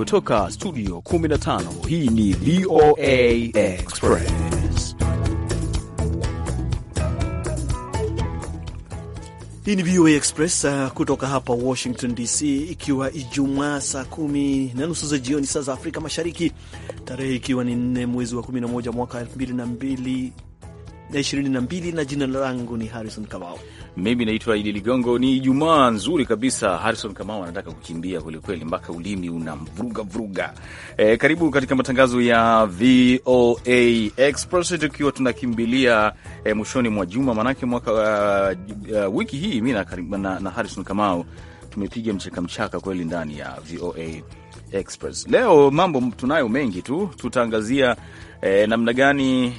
kutoka studio 15 hii ni VOA Express. Hii ni VOA Express uh, kutoka hapa Washington DC, ikiwa Ijumaa saa kumi na nusu za jioni saa za Afrika Mashariki, tarehe ikiwa ni nne mwezi wa 11 mwaka 2022 na jina langu ni Harrison Kamau mimi naitwa Idi Ligongo. Ni Ijumaa nzuri kabisa. Harrison Kamau anataka kukimbia kwelikweli, mpaka ulimi una mvuruga vuruga. E, karibu katika matangazo ya VOA Express tukiwa tunakimbilia e, mwishoni mwa juma, maanake mwaka uh, uh, wiki hii mi na, na, na Harrison Kamau tumepiga mchaka mchaka kweli ndani ya VOA Express. Leo mambo tunayo mengi tu, tutaangazia e, namna gani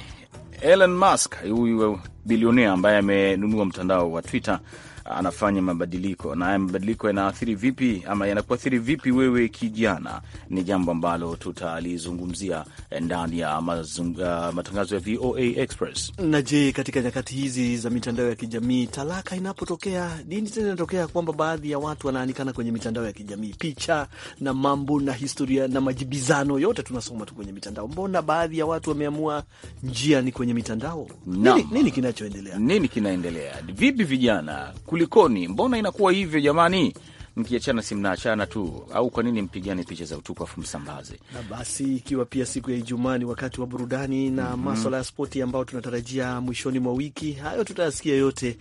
Elon Musk, huyu bilionea ambaye amenunua mtandao wa Twitter anafanya mabadiliko, na haya mabadiliko yanaathiri vipi ama yanakuathiri vipi wewe kijana, ni jambo ambalo tutalizungumzia ndani ya uh, matangazo ya VOA Express. Na je, katika nyakati hizi za mitandao ya kijamii, talaka inapotokea nini tena inatokea kwamba baadhi ya watu wanaanikana kwenye mitandao ya kijamii, picha na mambo na historia na majibizano yote tunasoma tu kwenye mitandao. Mbona baadhi ya watu wameamua njia ni kwenye mitandao? Nini, nini kinachoendelea? Nini kinaendelea vipi vijana kulikoni? Mbona inakuwa hivyo jamani? Mkiachana si mnaachana tu, au kwa nini mpigane picha za utupu afu msambaze? Na basi ikiwa pia siku ya Ijumaa ni wakati wa burudani na mm -hmm. maswala ya spoti ambayo tunatarajia mwishoni mwa wiki, hayo tutayasikia yote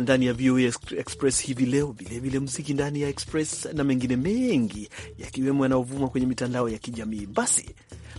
ndani ya VOA e Express hivi leo, vilevile mziki ndani ya Express na mengine mengi yakiwemo yanayovuma kwenye mitandao ya kijamii. Basi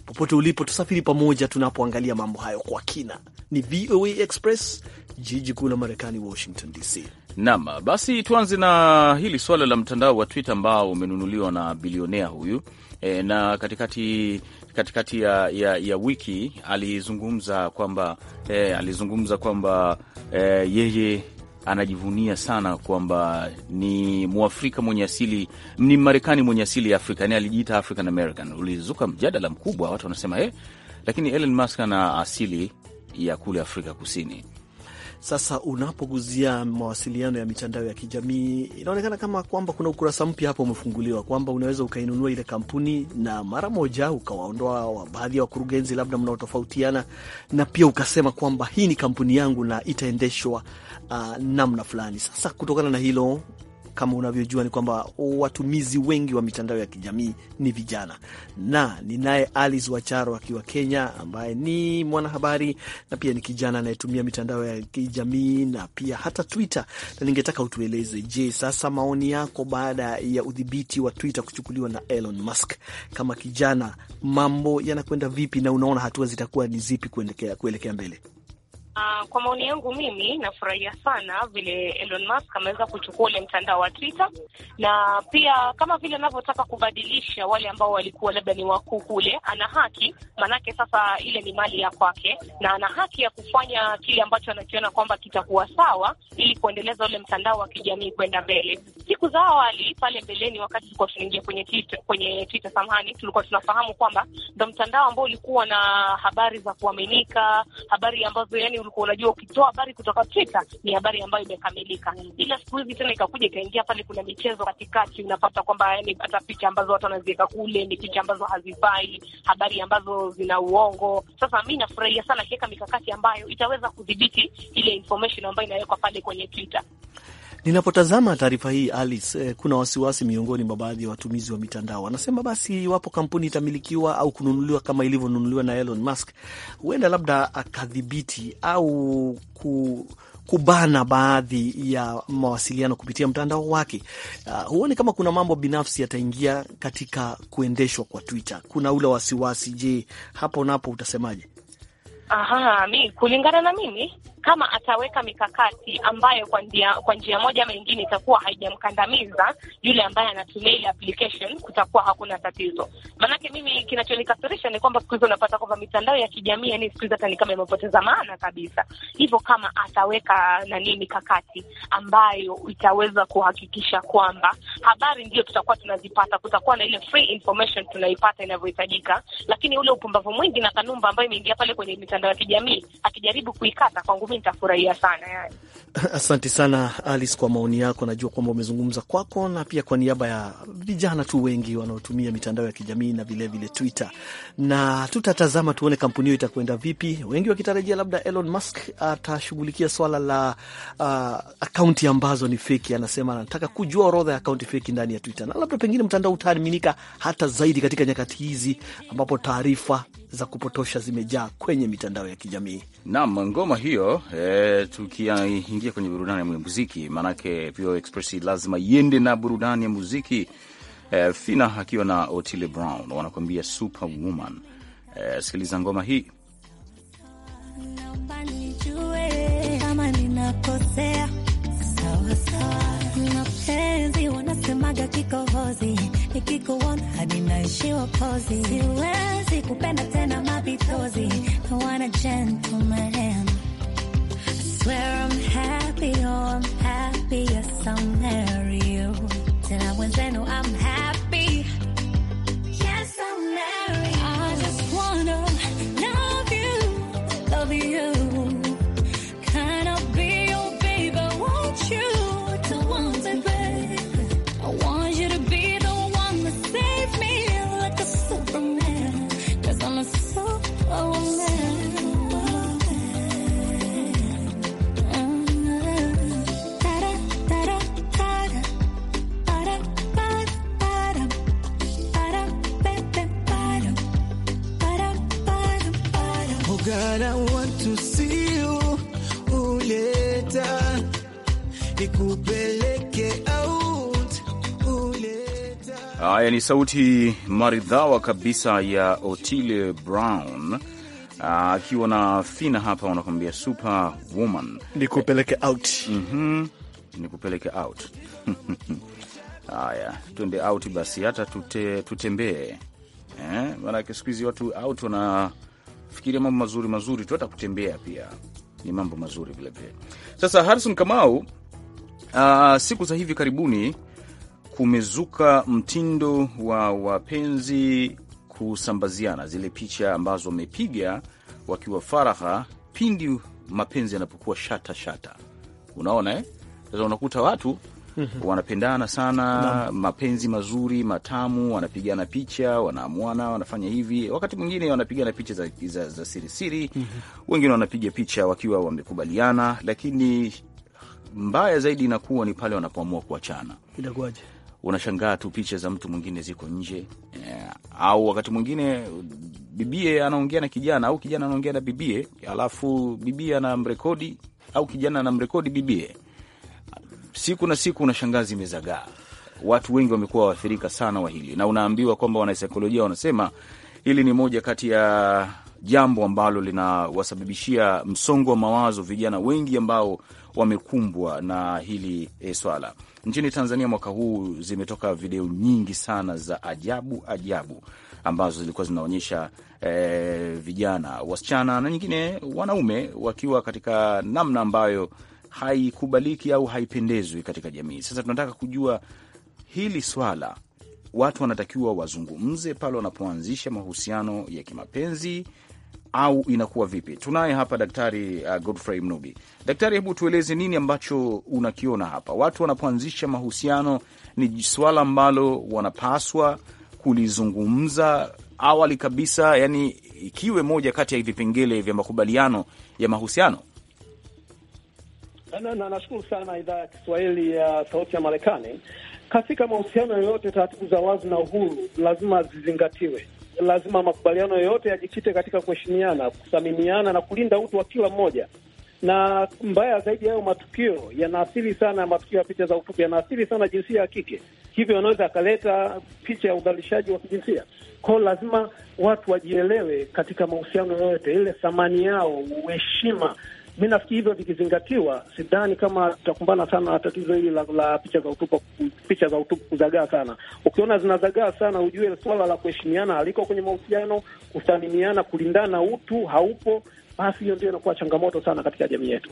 popote ulipo, tusafiri pamoja tunapoangalia mambo hayo kwa kina. Ni VOA e Express, jiji kuu la Marekani, Washington DC. Naam, basi tuanze na hili swala la mtandao wa Twitter ambao umenunuliwa na bilionea huyu e, na katikati katikati ya, ya, ya wiki alizungumza kwamba e, alizungumza kwamba e, yeye anajivunia sana kwamba ni Mwafrika mwenye asili, ni Marekani mwenye asili ya Afrika, yani alijiita African American. Ulizuka mjadala mkubwa, watu wanasema eh, lakini Elon Musk ana asili ya kule Afrika Kusini. Sasa unapoguzia mawasiliano ya mitandao ya kijamii, inaonekana kama kwamba kuna ukurasa mpya hapo umefunguliwa, kwamba unaweza ukainunua ile kampuni na mara moja ukawaondoa baadhi ya wakurugenzi labda mnaotofautiana, na pia ukasema kwamba hii ni kampuni yangu na itaendeshwa uh, namna fulani. Sasa kutokana na hilo kama unavyojua ni kwamba watumizi wengi wa mitandao ya kijamii ni vijana, na ninaye Alice Wacharo akiwa Kenya, ambaye ni mwanahabari na pia ni kijana anayetumia mitandao ya kijamii na pia hata Twitter, na ningetaka utueleze, je, sasa maoni yako baada ya udhibiti wa Twitter kuchukuliwa na Elon Musk, kama kijana mambo yanakwenda vipi na unaona hatua zitakuwa ni zipi kuelekea, kuelekea mbele? Uh, kwa maoni yangu mimi nafurahia sana vile Elon Musk ameweza kuchukua ule mtandao wa Twitter, na pia kama vile anavyotaka kubadilisha wale ambao walikuwa labda ni wakuu kule, ana haki maanake, sasa ile ni mali ya kwake, na ana haki ya kufanya kile ambacho anakiona kwamba kitakuwa sawa, ili kuendeleza ule mtandao wa kijamii kwenda mbele. Siku za awali pale mbeleni, wakati tulikuwa tunaingia kwenye Twitter, kwenye Twitter samahani, tulikuwa tunafahamu kwamba ndo mtandao ambao ulikuwa na habari za kuaminika, habari ambazo yani ulikuwa unajua ukitoa habari kutoka Twitter ni habari ambayo imekamilika, ila siku hizi tena ikakuja ikaingia pale, kuna michezo katikati, unapata kwamba yani hata picha ambazo watu wanaziweka kule ni picha ambazo hazifai, habari ambazo zina uongo. Sasa mi nafurahia sana kiweka mikakati ambayo itaweza kudhibiti ile information ambayo inawekwa pale kwenye Twitter. Ninapotazama taarifa hii Alice, eh, kuna wasiwasi miongoni mwa baadhi ya watumizi wa mitandao. Wanasema basi iwapo kampuni itamilikiwa au kununuliwa kama ilivyonunuliwa na Elon Musk, huenda labda akadhibiti au ku kubana baadhi ya mawasiliano kupitia mtandao wake. Uh, huoni kama kuna mambo binafsi yataingia katika kuendeshwa kwa Twitter? Kuna ule wasiwasi. Je, hapo napo utasemaje? Aha, mi kulingana na mimi kama ataweka mikakati ambayo kwa njia kwa njia moja ama nyingine itakuwa haijamkandamiza yule ambaye anatumia ile application, kutakuwa hakuna tatizo. Maanake mimi kinachonikasirisha ni kwamba siku hizi unapata kwamba mitandao ya kijamii yani siku hizi hata ni kama imepoteza maana kabisa. Hivyo kama ataweka nani mikakati ambayo itaweza kuhakikisha kwamba habari ndio tutakuwa tunazipata, kutakuwa na ile free information tunaipata inavyohitajika, lakini ule upumbavu mwingi na kanumba ambayo imeingia pale kwenye mitandao ya kijamii akijaribu kuikata, kwangu mi nitafurahia sana yani. Asante sana Alice kwa maoni yako. Najua kwamba umezungumza kwako na pia kwa niaba ya vijana tu wengi wanaotumia mitandao ya kijamii na vilevile Twitter, na tutatazama tuone kampuni hiyo itakwenda vipi, wengi wakitarajia labda Elon Musk atashughulikia swala la uh, akaunti ambazo ni feki. Anasema anataka kujua orodha ya akaunti feki ndani ya Twitter, na labda pengine mtandao utaaminika hata zaidi katika nyakati hizi ambapo taarifa za kupotosha zimejaa kwenye mitandao ya kijamii. Naam, ngoma hiyo e, tukiingia kwenye burudani ya muziki, maanake VOA Express lazima iende na burudani ya muziki. E, Fina akiwa na Otile Brown wanakuambia Superwoman. E, sikiliza ngoma hii kama nikiko one hadi naishiwa pozi, siwezi kupenda tena mapitozi. I want a gentleman. I swear I'm happy, oh I'm happy, yes I'm married. Tena mwenzenu I'm happy uleta out uleta. Haya ni sauti maridhawa kabisa ya Otile Brown ah, akiwa na Fina hapa, wanakuambia Superwoman, nikupeleke out. mm -hmm. Nikupeleke out haya, tuende out basi, hata tutembee eh, maanake siku hizi watu out wana fikiria mambo mazuri mazuri tu, hata kutembea pia ni mambo mazuri vilevile. Sasa Harison Kamau, uh, siku za hivi karibuni kumezuka mtindo wa wapenzi kusambaziana zile picha ambazo wamepiga wakiwa faragha pindi mapenzi yanapokuwa shata shata, unaona eh? Sasa unakuta watu mm -hmm. wanapendana sana no. mapenzi mazuri matamu, wanapigana picha, wanaamuana, wanafanya hivi. Wakati mwingine wanapigana picha za, za, za sirisiri mm -hmm. wengine wanapiga picha wakiwa wamekubaliana, lakini mbaya zaidi inakuwa ni pale wanapoamua kuachana. Inakuwaje? Unashangaa tu picha za mtu mwingine ziko nje yeah. Au wakati mwingine bibie anaongea na kijana au kijana anaongea na bibie, alafu bibie anamrekodi au kijana anamrekodi bibie siku na siku unashangaa zimezagaa. Watu wengi wamekuwa waathirika sana wa hili, na unaambiwa kwamba wanasaikolojia wanasema hili ni moja kati ya jambo ambalo linawasababishia msongo wa mawazo vijana wengi ambao wamekumbwa na hili e, swala. Nchini Tanzania mwaka huu zimetoka video nyingi sana za ajabu ajabu ambazo zilikuwa zinaonyesha e, vijana wasichana na nyingine wanaume wakiwa katika namna ambayo haikubaliki au haipendezwi katika jamii. Sasa tunataka kujua hili swala, watu wanatakiwa wazungumze pale wanapoanzisha mahusiano ya kimapenzi au inakuwa vipi? Tunaye hapa Daktari uh, Godfrey Mnubi. Daktari, hebu tueleze nini ambacho unakiona hapa. Watu wanapoanzisha mahusiano ni swala ambalo wanapaswa kulizungumza awali kabisa, yani ikiwe moja kati ya vipengele vya makubaliano ya mahusiano na, na nashukuru sana idhaa ya Kiswahili ya Sauti ya Marekani. Katika mahusiano yoyote, taratibu za wazi na uhuru lazima zizingatiwe. Lazima makubaliano yoyote yajikite katika kuheshimiana, kuthaminiana na kulinda utu wa kila mmoja na mbaya zaidi, hayo matukio yanaathiri sana, matukio ya picha za utupu yanaathiri sana jinsia ya kike, hivyo anaweza akaleta picha ya udhalishaji wa kijinsia. Kwao lazima watu wajielewe katika mahusiano yoyote, ile thamani yao, uheshima mi nafikiri hivyo vikizingatiwa, sidhani kama tutakumbana sana na tatizo hili la, la picha za utupu, picha za utupu kuzagaa sana. Ukiona zinazagaa sana, ujue swala la kuheshimiana haliko kwenye mahusiano, kuthaminiana, kulindana utu haupo, basi hiyo ndio inakuwa changamoto sana katika jamii yetu.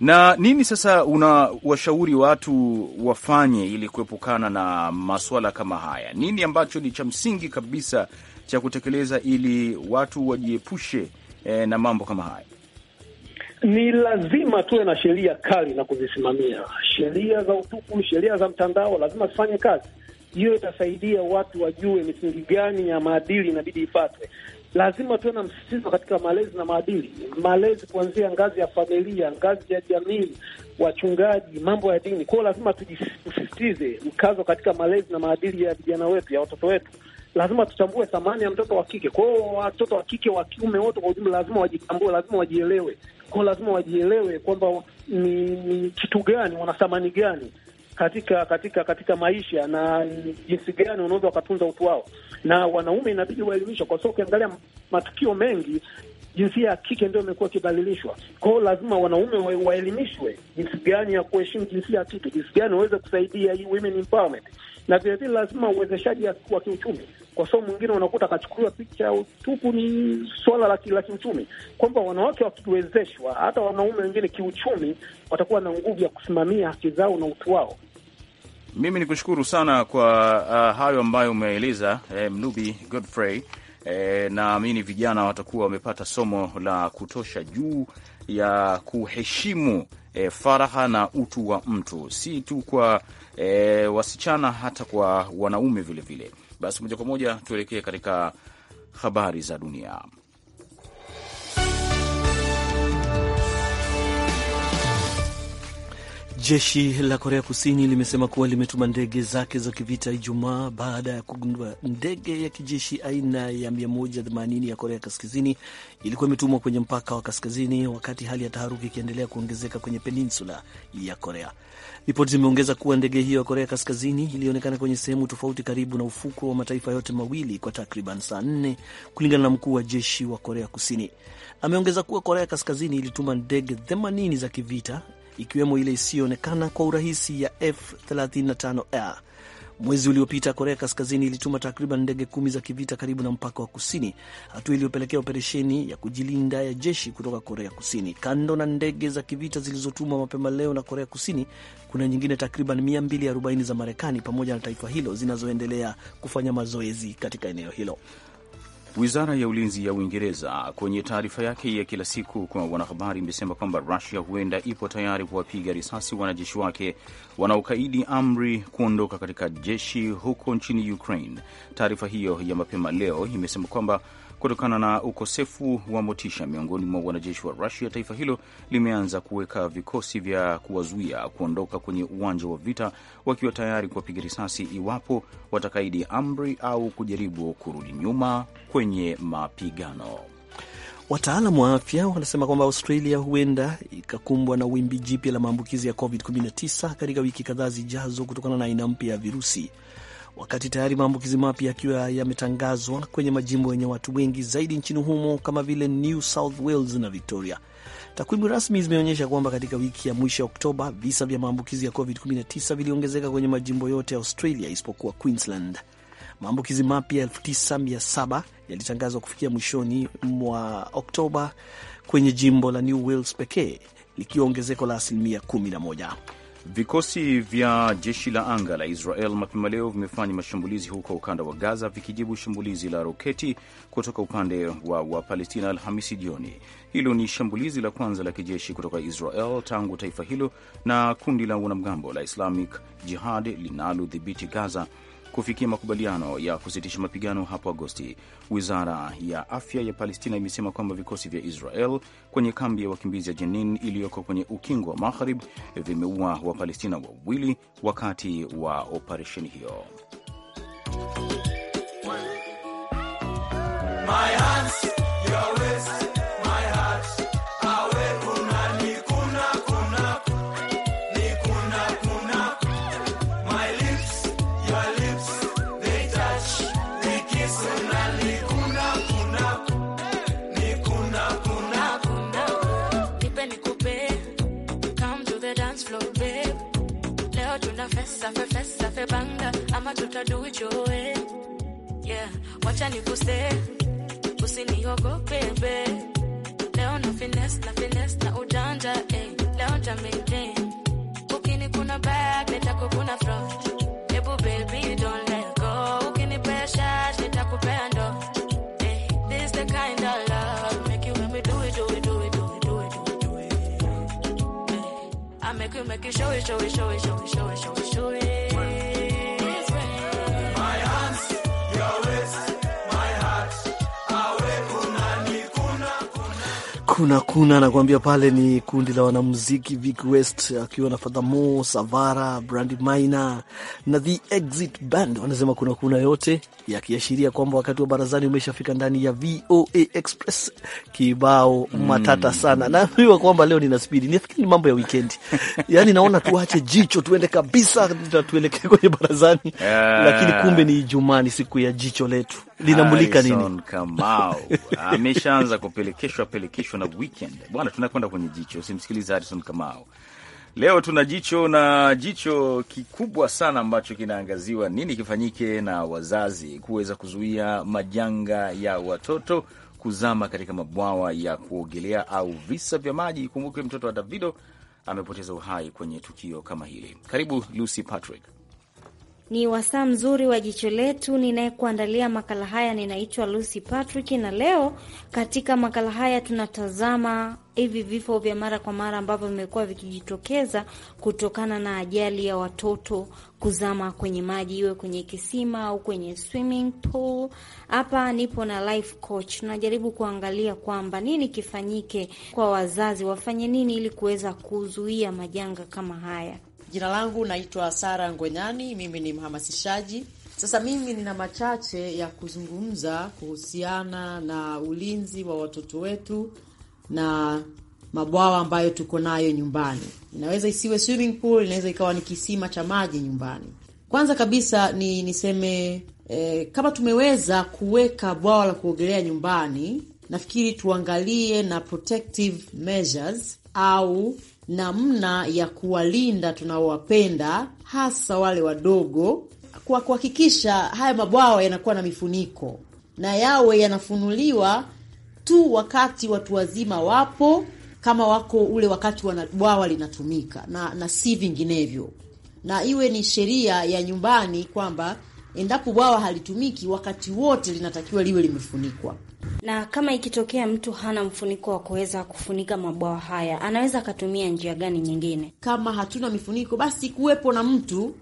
Na nini sasa unawashauri watu wafanye ili kuepukana na maswala kama haya? Nini ambacho ni cha msingi kabisa cha kutekeleza ili watu wajiepushe eh, na mambo kama haya? Ni lazima tuwe na sheria kali na kuzisimamia. Sheria za utupu, sheria za mtandao lazima zifanye kazi. Hiyo itasaidia watu wajue misingi gani ya maadili inabidi ifatwe. Lazima tuwe na msisitizo katika malezi na maadili, malezi kuanzia ngazi ya familia, ngazi ya jamii, wachungaji, mambo ya dini. Kwa hiyo lazima tusisitize mkazo katika malezi na maadili ya vijana wetu, ya watoto wetu lazima tutambue thamani ya mtoto wa kike. Kwa hiyo watoto wa kike, wa kiume, wote kwa ujumla lazima wajitambue, lazima wajielewe, kwao lazima wajielewe kwamba ni, ni kitu gani, wana thamani gani katika katika katika maisha na jinsi gani wanaweza wakatunza utu wao. Na wanaume inabidi waelimishwa, kwa sababu ukiangalia matukio mengi jinsia ya kike ndio imekuwa ikidhalilishwa. Kwa hiyo lazima wanaume waelimishwe jinsi gani ya kuheshimu jinsia ya kike, jinsi gani waweze kusaidia hii women empowerment, na vilevile lazima uwezeshaji wa kiuchumi kwa sababu mwingine unakuta akachukuliwa picha utupu Ni swala la kiuchumi, kwamba wanawake wakiwezeshwa, hata wanaume wengine kiuchumi, watakuwa na nguvu ya kusimamia haki zao na utu wao. Mimi ni kushukuru sana kwa uh, hayo ambayo umeeleza eh, Mnubi Godfrey. Eh, naamini vijana watakuwa wamepata somo la kutosha juu ya kuheshimu eh, faraha na utu wa mtu, si tu kwa eh, wasichana, hata kwa wanaume vilevile vile. Basi moja kwa moja tuelekee katika habari za dunia. Jeshi la Korea Kusini limesema kuwa limetuma ndege zake za kivita Ijumaa baada ya kugundua ndege ya kijeshi aina ya 180 ya Korea Kaskazini ilikuwa imetumwa kwenye mpaka wa kaskazini, wakati hali ya taharuki ikiendelea kuongezeka kwenye peninsula ya Korea. Ripoti zimeongeza kuwa ndege hiyo ya Korea Kaskazini ilionekana kwenye sehemu tofauti karibu na ufuko wa mataifa yote mawili kwa takriban saa nne, kulingana na mkuu wa jeshi wa Korea Kusini. Ameongeza kuwa Korea Kaskazini ilituma ndege 80 za kivita ikiwemo ile isiyoonekana kwa urahisi ya F35R. Mwezi uliopita Korea Kaskazini ilituma takriban ndege kumi za kivita karibu na mpaka wa kusini, hatua iliyopelekea operesheni ya kujilinda ya jeshi kutoka Korea Kusini. Kando na ndege za kivita zilizotumwa mapema leo na Korea Kusini, kuna nyingine takriban 240 za Marekani pamoja na taifa hilo zinazoendelea kufanya mazoezi katika eneo hilo. Wizara ya ulinzi ya Uingereza kwenye taarifa yake ya kila siku kwa wanahabari imesema kwamba Rusia huenda ipo tayari kuwapiga risasi wanajeshi wake wanaokaidi amri kuondoka katika jeshi huko nchini Ukraine. Taarifa hiyo ya mapema leo imesema kwamba kutokana na ukosefu wa motisha miongoni mwa wanajeshi wa Rusia. Taifa hilo limeanza kuweka vikosi vya kuwazuia kuondoka kwenye uwanja wa vita, wakiwa tayari kuwapiga risasi iwapo watakaidi amri au kujaribu kurudi nyuma kwenye mapigano. Wataalam wa afya wanasema kwamba Australia huenda ikakumbwa na wimbi jipya la maambukizi ya COVID-19 katika wiki kadhaa zijazo kutokana na aina mpya ya virusi wakati tayari maambukizi mapya yakiwa yametangazwa kwenye majimbo yenye watu wengi zaidi nchini humo kama vile New South Wales na Victoria. Takwimu rasmi zimeonyesha kwamba katika wiki ya mwisho ya Oktoba visa vya maambukizi ya COVID-19 viliongezeka kwenye majimbo yote ya Australia isipokuwa Queensland. Maambukizi mapya 9700 yalitangazwa kufikia mwishoni mwa Oktoba kwenye jimbo la New Wales pekee likiwa ongezeko la asilimia 11. Vikosi vya jeshi la anga la Israel mapema leo vimefanya mashambulizi huko ukanda wa Gaza vikijibu shambulizi la roketi kutoka upande wa Wapalestina Alhamisi jioni. Hilo ni shambulizi la kwanza la kijeshi kutoka Israel tangu taifa hilo na kundi la wanamgambo la Islamic Jihad linalodhibiti Gaza kufikia makubaliano ya kusitisha mapigano hapo Agosti. Wizara ya afya ya Palestina imesema kwamba vikosi vya Israel kwenye kambi ya wakimbizi ya Jenin iliyoko kwenye ukingo wa Magharib vimeua Wapalestina wawili wakati wa operesheni hiyo. tuchafe banga ama tutaduichoe. Yeah, wacha nikuse, usiniogope be. Leo na finesse na finesse na ujanja eh, leo nta maintain. Ukini kuna back nitakukuna front. Ebu baby don't let go. Ukini pressure nitakupea ndo. Eh, this the kind of love make you make me do it do it do it do it do it do it. Eh, I make you make you show it show it show it show it show it show it. kuna kuna nakuambia pale ni kundi la wanamuziki Vic West akiwa na Fadhamo Savara, Brandi Maina na The Exit Band wanasema kuna kuna yote yakiashiria kwamba wakati wa barazani umeshafika ndani ya VOA Express. Kibao mm. matata sana, naambiwa kwamba leo nina spidi, nafikiri ni mambo ya wikendi. Yani naona tuache jicho tuende kabisa, tuelekee kwenye barazani yeah. Lakini kumbe ni Ijumaa, ni siku ya jicho letu linamulika nini? Kamau ameshaanza kupelekeshwa pelekeshwa na weekend bwana, tunakwenda kwenye jicho. Usimsikilize Harrison Kamau. Leo tuna jicho na jicho kikubwa sana ambacho kinaangaziwa nini kifanyike na wazazi kuweza kuzuia majanga ya watoto kuzama katika mabwawa ya kuogelea au visa vya maji. Kumbuke mtoto wa Davido amepoteza uhai kwenye tukio kama hili. Karibu Lucy Patrick. Ni wasaa mzuri wa jicho letu. Ninayekuandalia makala haya ninaitwa Lucy Patrick, na leo katika makala haya tunatazama hivi vifo vya mara kwa mara ambavyo vimekuwa vikijitokeza kutokana na ajali ya watoto kuzama kwenye maji, iwe kwenye kisima au kwenye swimming pool. Hapa nipo na life coach, tunajaribu kuangalia kwamba nini kifanyike kwa wazazi, wafanye nini ili kuweza kuzuia majanga kama haya. Jina langu naitwa Sara Ngwenyani, mimi ni mhamasishaji. Sasa mimi nina machache ya kuzungumza kuhusiana na ulinzi wa watoto wetu na mabwawa ambayo tuko nayo nyumbani. Inaweza isiwe swimming pool, inaweza ikawa ni kisima cha maji nyumbani. Kwanza kabisa ni niseme eh, kama tumeweza kuweka bwawa la kuogelea nyumbani, nafikiri tuangalie na protective measures au namna ya kuwalinda tunaowapenda, hasa wale wadogo, kwa kuhakikisha haya mabwawa yanakuwa na mifuniko na yawe yanafunuliwa tu wakati watu wazima wapo, kama wako ule wakati wana bwawa linatumika, na na si vinginevyo, na iwe ni sheria ya nyumbani kwamba endapo bwawa halitumiki wakati wote linatakiwa liwe limefunikwa. Na kama ikitokea mtu hana mfuniko wa kuweza kufunika mabwawa haya, anaweza akatumia njia gani nyingine? Kama hatuna mifuniko, basi kuwepo na mtu uh,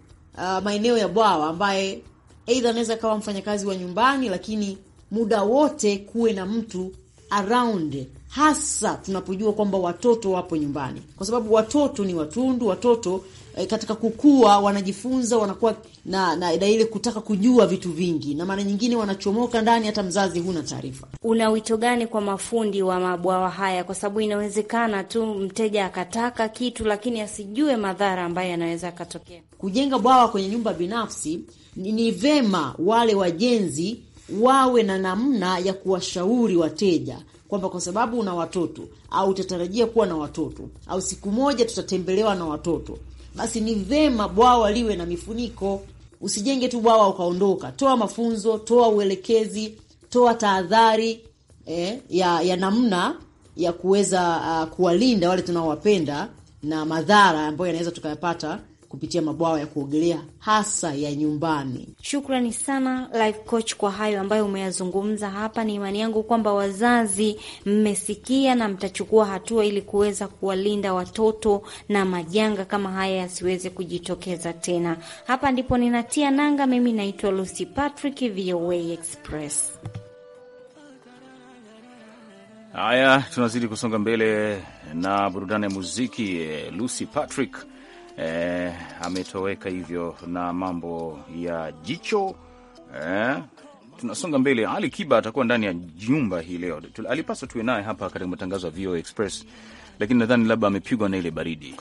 maeneo ya bwawa ambaye aidha anaweza kawa mfanyakazi wa nyumbani, lakini muda wote kuwe na mtu around, hasa tunapojua kwamba watoto wapo nyumbani, kwa sababu watoto ni watundu, watoto e, katika kukua wanajifunza, wanakuwa na, na, na ile kutaka kujua vitu vingi, na mara nyingine wanachomoka ndani, hata mzazi huna taarifa. Una wito gani kwa mafundi wa mabwawa haya? Kwa sababu inawezekana tu mteja akataka kitu lakini asijue madhara ambayo yanaweza akatokea. Kujenga bwawa kwenye nyumba binafsi ni, ni vema wale wajenzi wawe na namna ya kuwashauri wateja kwamba kwa sababu una watoto au utatarajia kuwa na watoto au siku moja tutatembelewa na watoto, basi ni vema bwawa liwe na mifuniko. Usijenge tu bwawa ukaondoka. Toa mafunzo, toa uelekezi, toa tahadhari eh, ya, ya namna ya kuweza uh, kuwalinda wale tunaowapenda na madhara ambayo yanaweza tukayapata kupitia mabwawa ya kuogelea hasa ya nyumbani. Shukrani sana Life Coach kwa hayo ambayo umeyazungumza hapa. Ni imani yangu kwamba wazazi mmesikia na mtachukua hatua ili kuweza kuwalinda watoto na majanga kama haya yasiweze kujitokeza tena. Hapa ndipo ninatia nanga. Mimi naitwa Lucy Patrick, VOA Express. Haya, tunazidi kusonga mbele na burudani ya muziki. Eh, Lucy Patrick eh, ametoweka hivyo na mambo ya jicho eh. Tunasonga mbele. Ali Kiba atakuwa ndani ya nyumba hii leo. Alipaswa tuwe naye hapa katika matangazo ya VOA Express, lakini nadhani labda amepigwa na ile baridi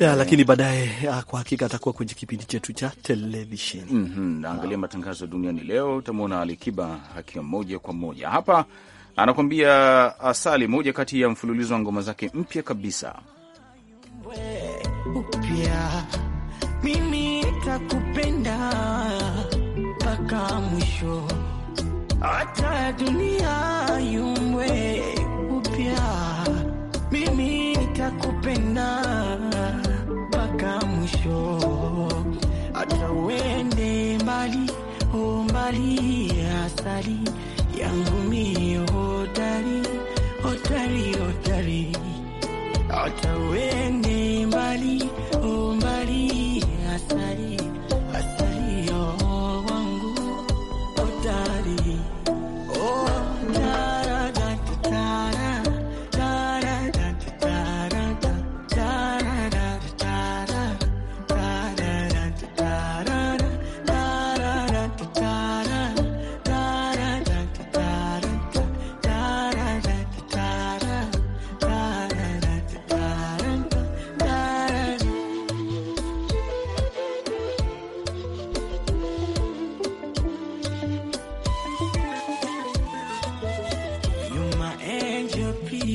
ya, eh, lakini baadaye ah, kwa hakika atakuwa kwenye kipindi chetu cha televisheni mm -hmm, naangalia matangazo duniani leo. Utamwona Ali Kiba akiwa moja kwa moja hapa anakuambia asali, moja kati ya mfululizo wa ngoma zake mpya kabisa upya, mimi nitakupenda mpaka mwisho, hata dunia yumwe upya, mimi nitakupenda mpaka mwisho, hata uende mbali o mbali, asali yangu mio hodari hodari hodari, hata uende 里。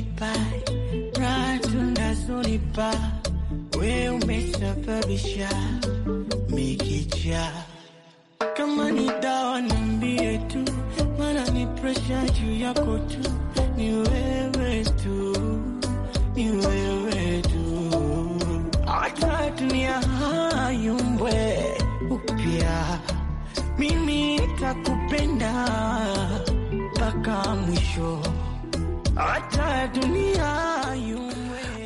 unanipa raha tunazonipa we umesababisha mikicha kama ni dawa niambie tu, mana ni presha juu yako tu, ni wewe tu, ni wewe tu, hata dunia hayumbwe upya, mimi takupenda mpaka mwisho.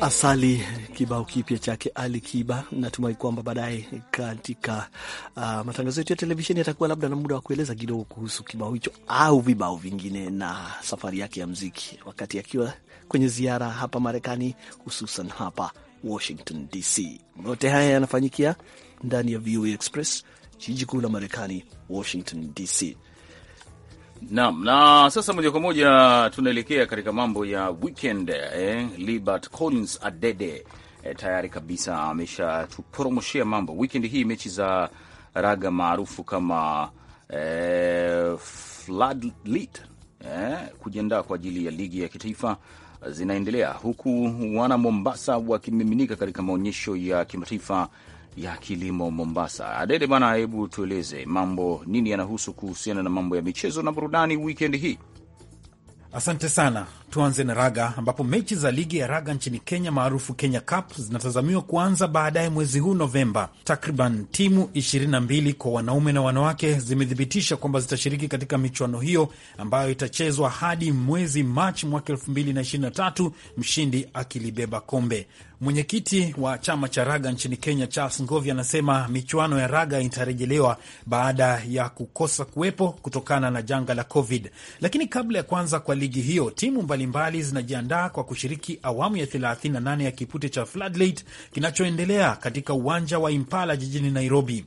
Asali kibao kipya chake Ali Kiba. Natumai kwamba baadaye katika uh, matangazo yetu ya televisheni yatakuwa labda na muda wa kueleza kidogo kuhusu kibao hicho au vibao vingine na safari yake ya mziki, wakati akiwa kwenye ziara hapa Marekani, hususan hapa Washington DC. Yote haya yanafanyikia ndani ya VOA Express, jiji kuu la Marekani, Washington DC. Naam, na sasa moja kwa moja tunaelekea katika mambo ya weekend eh. Libert Collins Adede eh, tayari kabisa ameshatupromoshea mambo weekend hii, mechi za raga maarufu kama eh, Fladlit eh, kujiandaa kwa ajili ya ligi ya kitaifa zinaendelea, huku wana Mombasa wakimiminika katika maonyesho ya kimataifa ya kilimo Mombasa. Adede bwana, hebu tueleze mambo nini yanahusu kuhusiana na mambo ya michezo na burudani wikendi hii? Asante sana Tuanze na raga ambapo mechi za ligi ya raga nchini Kenya maarufu Kenya Cup zinatazamiwa kuanza baadaye mwezi huu Novemba. Takriban timu 22 kwa wanaume na wanawake zimethibitisha kwamba zitashiriki katika michuano hiyo ambayo itachezwa hadi mwezi Machi mwaka 2023, mshindi akilibeba kombe. Mwenyekiti wa chama cha raga nchini Kenya Charles Ngovi anasema michuano ya raga itarejelewa baada ya kukosa kuwepo kutokana na janga la COVID, lakini kabla ya kuanza kwa ligi hiyo timu mbali mbalimbali zinajiandaa kwa kushiriki awamu ya 38 ya kipute cha Floodlit kinachoendelea katika uwanja wa Impala jijini Nairobi.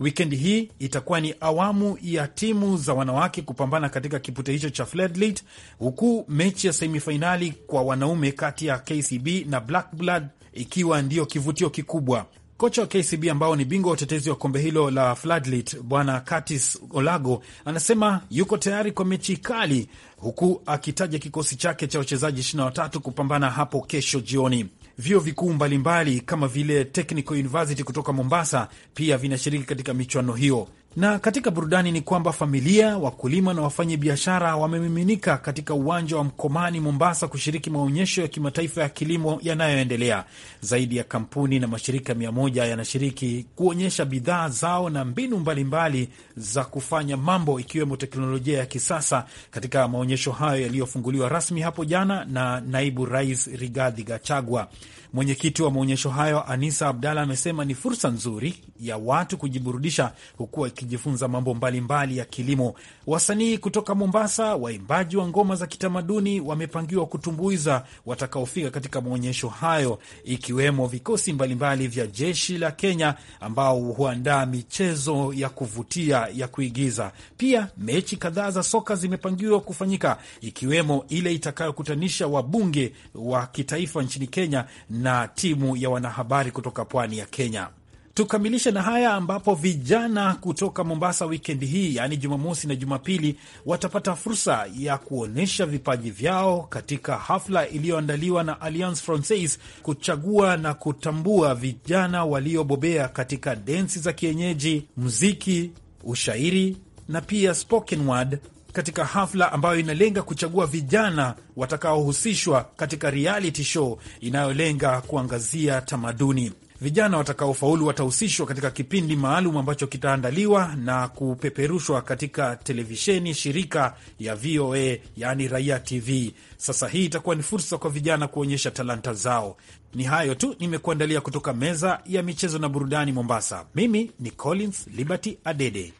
Wikendi hii itakuwa ni awamu ya timu za wanawake kupambana katika kipute hicho cha Floodlit, huku mechi ya semifainali kwa wanaume kati ya KCB na Black Blood ikiwa ndiyo kivutio kikubwa. Kocha wa KCB ambao ni bingwa wa utetezi wa kombe hilo la Floodlit, bwana Curtis Olago anasema yuko tayari kwa mechi kali, huku akitaja kikosi chake cha wachezaji 23 kupambana hapo kesho jioni. Vyuo vikuu mbalimbali kama vile Technical University kutoka Mombasa pia vinashiriki katika michuano hiyo. Na katika burudani ni kwamba familia, wakulima na wafanya biashara wamemiminika katika uwanja wa Mkomani, Mombasa, kushiriki maonyesho ya kimataifa ya kilimo yanayoendelea. Zaidi ya kampuni na mashirika mia moja yanashiriki kuonyesha bidhaa zao na mbinu mbalimbali mbali za kufanya mambo, ikiwemo teknolojia ya kisasa katika maonyesho hayo yaliyofunguliwa rasmi hapo jana na naibu rais Rigathi Gachagua. Mwenyekiti wa maonyesho hayo Anisa Abdalla amesema ni fursa nzuri ya watu kujiburudisha huku wakijifunza mambo mbalimbali mbali ya kilimo. Wasanii kutoka Mombasa, waimbaji wa ngoma za kitamaduni wamepangiwa kutumbuiza watakaofika katika maonyesho hayo, ikiwemo vikosi mbalimbali mbali vya jeshi la Kenya ambao huandaa michezo ya kuvutia ya kuigiza. Pia mechi kadhaa za soka zimepangiwa kufanyika, ikiwemo ile itakayokutanisha wabunge wa kitaifa nchini Kenya na timu ya wanahabari kutoka pwani ya Kenya. Tukamilishe na haya ambapo vijana kutoka Mombasa wikendi hii, yaani Jumamosi na Jumapili, watapata fursa ya kuonyesha vipaji vyao katika hafla iliyoandaliwa na Alliance Francaise kuchagua na kutambua vijana waliobobea katika densi za kienyeji, muziki, ushairi na pia spoken word katika hafla ambayo inalenga kuchagua vijana watakaohusishwa katika reality show inayolenga kuangazia tamaduni. Vijana watakaofaulu watahusishwa katika kipindi maalum ambacho kitaandaliwa na kupeperushwa katika televisheni shirika ya VOA, yaani Raia TV. Sasa hii itakuwa ni fursa kwa vijana kuonyesha talanta zao. Ni hayo tu nimekuandalia kutoka meza ya michezo na burudani Mombasa. Mimi ni Collins Liberty Adede.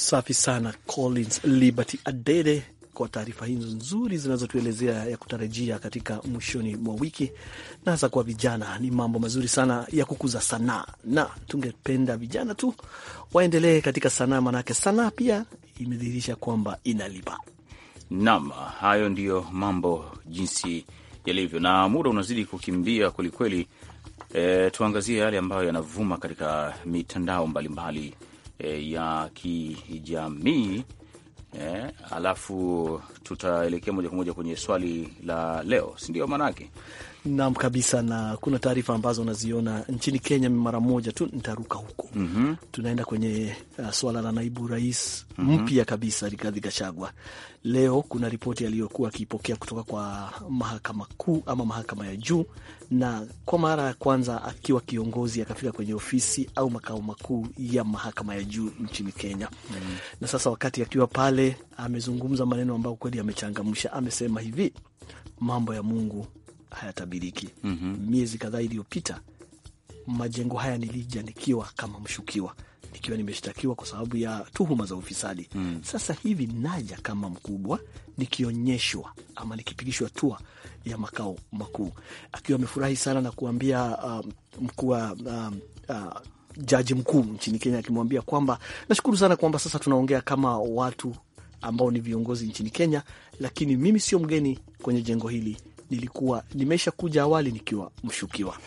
Safi sana Collins Liberty Adede kwa taarifa hizo nzuri zinazotuelezea ya kutarajia katika mwishoni mwa wiki, na hasa kwa vijana. Ni mambo mazuri sana ya kukuza sanaa, na tungependa vijana tu waendelee katika sanaa, manake sanaa pia imedhihirisha kwamba inalipa. Naam, hayo ndiyo mambo jinsi yalivyo, na muda unazidi kukimbia kwelikweli. E, tuangazie yale ambayo yanavuma katika mitandao mbalimbali mbali e, ya kijamii e, alafu tutaelekea moja kwa moja kwenye swali la leo, sindio Maanake Naam kabisa, na kuna taarifa ambazo unaziona nchini Kenya. Mara moja tu nitaruka huko mm -hmm. Tunaenda kwenye uh, swala la naibu rais mhm. mpya mm -hmm. kabisa Rigathi Gachagua. Leo kuna ripoti aliyokuwa akiipokea kutoka kwa mahakama kuu ama mahakama ya juu, na kwa mara ya kwanza akiwa kiongozi akafika kwenye ofisi au makao makuu ya mahakama ya juu nchini Kenya mm -hmm. na sasa wakati akiwa pale amezungumza maneno ambayo kweli amechangamsha. Amesema hivi, mambo ya Mungu hayatabiriki. mm -hmm. Miezi kadhaa iliyopita majengo haya nilija nikiwa kama mshukiwa nikiwa nimeshtakiwa kwa sababu ya tuhuma za ufisadi. mm. Sasa hivi naja kama mkubwa nikionyeshwa ama nikipigishwa tua ya makao makuu, akiwa amefurahi sana na kuambia uh, mkuu wa uh, uh, jaji mkuu nchini Kenya, akimwambia kwamba nashukuru sana kwamba sasa tunaongea kama watu ambao ni viongozi nchini Kenya, lakini mimi sio mgeni kwenye jengo hili nilikuwa kuja awali nikiwa mshukiwa.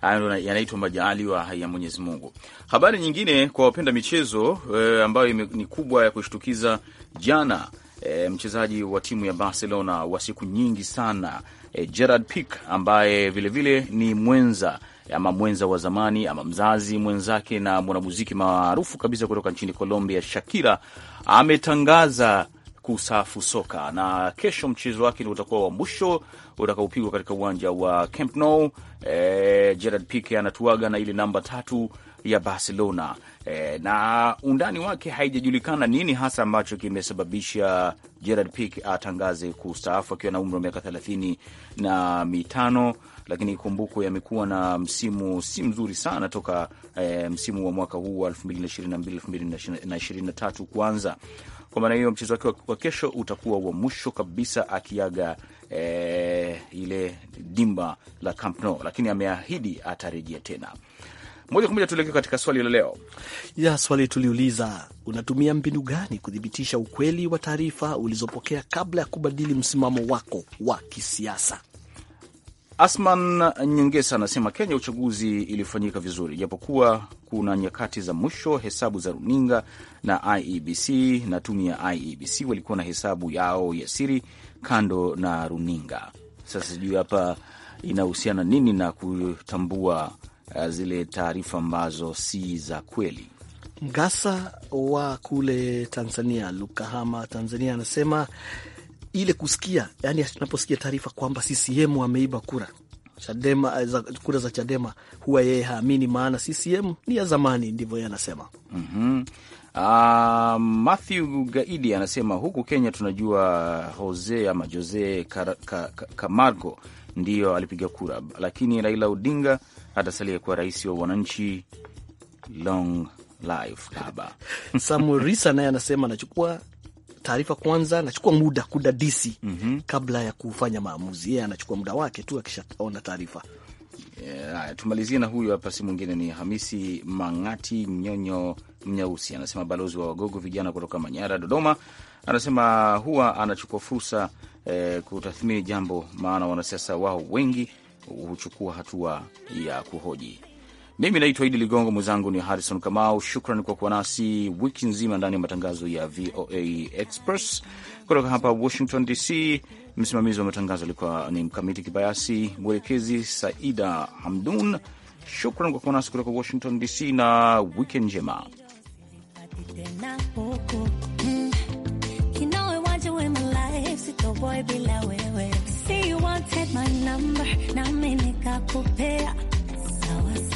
Hayo yanaitwa majaaliwa ya Mwenyezi Mungu. Habari nyingine kwa wapenda michezo e, ambayo ni kubwa ya kushtukiza jana e, mchezaji wa timu ya Barcelona wa siku nyingi sana e, Gerard Pique ambaye vilevile vile ni mwenza ama mwenza wa zamani ama mzazi mwenzake na mwanamuziki maarufu kabisa kutoka nchini Colombia Shakira ametangaza kusafu soka, na kesho mchezo wake ndio utakuwa wa mwisho utakaopigwa katika uwanja wa Camp Nou. E, Gerard Pique anatuaga na ile namba tatu ya Barcelona e, na undani wake haijajulikana nini hasa ambacho kimesababisha Gerard Pique atangaze kustaafu akiwa na umri wa miaka thelathini na mitano lakini kumbuko yamekuwa na msimu si mzuri sana toka e, msimu wa mwaka huu wa 2022 2023 kuanza kwa maana hiyo mchezo wake wa kesho utakuwa wa mwisho kabisa akiaga e, ile dimba la Camp Nou, lakini ameahidi atarejea tena. Moja kwa moja tuelekee katika swali la leo ya swali tuliuliza, unatumia mbinu gani kuthibitisha ukweli wa taarifa ulizopokea kabla ya kubadili msimamo wako wa kisiasa? Asman Nyongesa anasema Kenya uchaguzi ilifanyika vizuri, japokuwa kuna nyakati za mwisho hesabu za runinga na IEBC na tume ya IEBC walikuwa na hesabu yao ya siri kando na runinga. Sasa sijui hapa inahusiana nini na kutambua uh, zile taarifa ambazo si za kweli. ngasa wa kule Tanzania, Lukahama, Tanzania, anasema ile kusikia, yani tunaposikia taarifa kwamba CCM ameiba kura Chadema, za, kura za Chadema huwa yeye haamini, maana CCM ni ya zamani, ndivyo yeye anasema. mm -hmm. Uh, Matthew Gaidi anasema huku Kenya tunajua Jose ama Jose Camargo ndiyo alipiga kura, lakini Raila Odinga atasalia kuwa rais wa wananchi. Long life baba. Risa naye anasema anachukua taarifa kwanza, anachukua muda kudadisi mm -hmm. kabla ya kufanya maamuzi. Yeye anachukua muda wake tu akishaona taarifa. Yeah, tumalizie na huyu hapa, si mwingine ni Hamisi Mangati nyonyo mnyeusi anasema balozi wa Wagogo vijana kutoka Manyara, Dodoma, anasema huwa anachukua fursa eh, kutathmini jambo, maana wanasiasa wao wengi huchukua hatua ya kuhoji mimi naitwa Idi Ligongo, mwenzangu ni Harrison Kamau. Shukran kwa kuwa nasi wiki nzima ndani ya matangazo ya VOA Express kutoka hapa Washington DC. Msimamizi wa matangazo alikuwa ni Mkamiti Kibayasi, mwelekezi Saida Hamdun. Shukran kwa kuwa nasi kutoka Washington DC na wikend njema. Hmm,